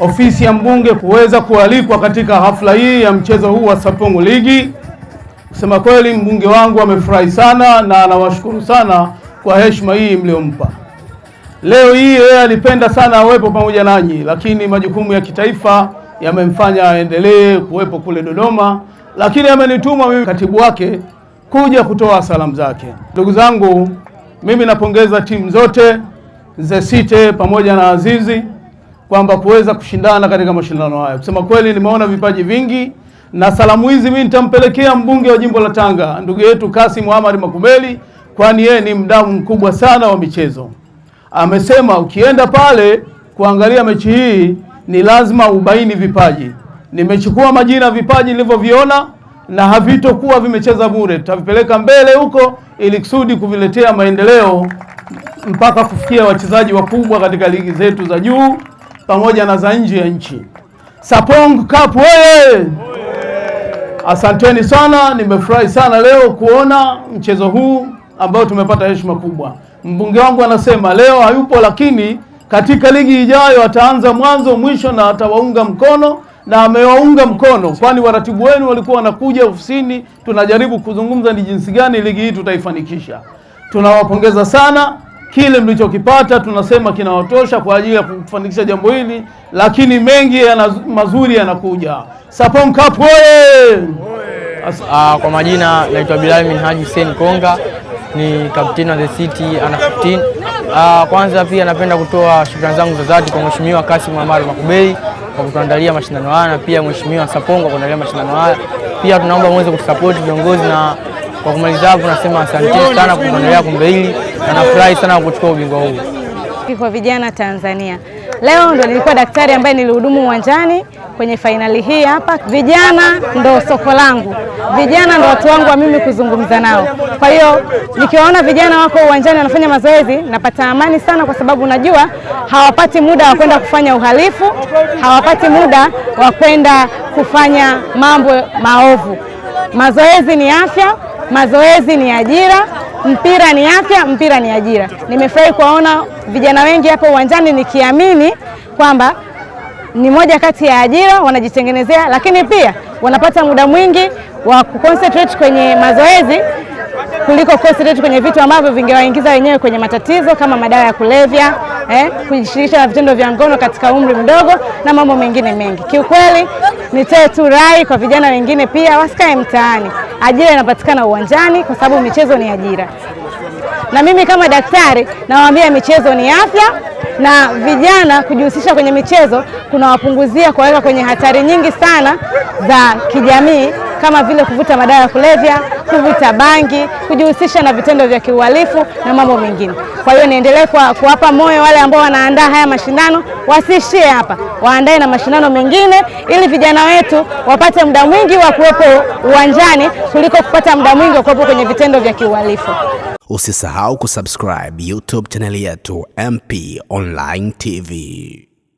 ofisi ya mbunge kuweza kualikwa katika hafla hii ya mchezo huu wa Sapongo Ligi. Kusema kweli, mbunge wangu amefurahi sana na anawashukuru sana kwa heshima hii mliompa leo hii. Yeye alipenda sana awepo pamoja nanyi, lakini majukumu ya kitaifa yamemfanya aendelee kuwepo kule Dodoma, lakini amenituma mimi katibu wake kuja kutoa salamu zake. Ndugu zangu, mimi napongeza timu zote Zesite pamoja na Azizi kwamba kuweza kushindana katika mashindano haya. Kusema kweli, nimeona vipaji vingi, na salamu hizi mimi nitampelekea mbunge wa jimbo la Tanga ndugu yetu Kasim Muhammad Makubeli, kwani yeye ni mdau mkubwa sana wa michezo. Amesema ukienda pale kuangalia mechi hii ni lazima ubaini vipaji. Nimechukua majina vipaji nilivyoviona na havitokuwa vimecheza bure, tutavipeleka mbele huko ili kusudi kuviletea maendeleo mpaka kufikia wachezaji wakubwa katika ligi zetu za juu pamoja na za nje ya nchi. Sapong Cup oye! Asanteni sana, nimefurahi sana leo kuona mchezo huu ambao tumepata heshima kubwa. Mbunge wangu anasema leo hayupo, lakini katika ligi ijayo ataanza mwanzo mwisho na atawaunga mkono na amewaunga mkono, kwani waratibu wenu walikuwa wanakuja ofisini, tunajaribu kuzungumza ni jinsi gani ligi hii tutaifanikisha. Tunawapongeza sana kile mlichokipata tunasema kinawatosha kwa ajili ya kufanikisha jambo hili, lakini mengi yana mazuri yanakuja. Sapom Cup oye! Uh, kwa majina naitwa Bilal Minhaji Hussein Konga ni captain of the city ana 15. Uh, ah, kwanza pia napenda kutoa shukrani zangu za dhati kwa Mheshimiwa Kasim Amar Makubei kwa kutuandalia mashindano haya na pia Mheshimiwa Sapong kwa kuandalia mashindano haya. Pia tunaomba muweze kutusapoti viongozi na kwa kumaliza hapo, nasema asante sana kwa kuendelea kumbe hili na nafurahi sana kuchukua ubingwa huu kwa vijana Tanzania. Leo ndo nilikuwa daktari ambaye nilihudumu uwanjani kwenye fainali hii hapa. Vijana ndo soko langu, vijana ndo watu wangu wa mimi kuzungumza nao. Kwa hiyo nikiwaona vijana wako uwanjani wanafanya mazoezi, napata amani sana, kwa sababu najua hawapati muda wa kwenda kufanya uhalifu, hawapati muda wa kwenda kufanya mambo maovu. Mazoezi ni afya mazoezi ni ajira, mpira ni afya, mpira ni ajira. Nimefurahi kuwaona vijana wengi hapo uwanjani, nikiamini kwamba ni moja kati ya ajira wanajitengenezea, lakini pia wanapata muda mwingi wa kuconcentrate kwenye mazoezi kuliko concentrate kwenye vitu ambavyo vingewaingiza wenyewe kwenye matatizo kama madawa ya kulevya eh, kujishirikisha na vitendo vya ngono katika umri mdogo na mambo mengine mengi. Kiukweli nitoe tu rai kwa vijana wengine pia wasikae mtaani, ajira inapatikana uwanjani, kwa sababu michezo ni ajira. Na mimi kama daktari nawaambia michezo ni afya, na vijana kujihusisha kwenye michezo kunawapunguzia kuwaweka kwenye hatari nyingi sana za kijamii kama vile kuvuta madawa ya kulevya, kuvuta bangi, kujihusisha na vitendo vya kiuhalifu na mambo mengine. Kwa hiyo niendelee kuwapa moyo wale ambao wanaandaa haya mashindano, wasiishie hapa, waandae na mashindano mengine, ili vijana wetu wapate muda mwingi wa kuwepo uwanjani kuliko kupata muda mwingi wa kuwepo kwenye vitendo vya kiuhalifu. Usisahau kusubscribe YouTube chaneli yetu MP Online TV.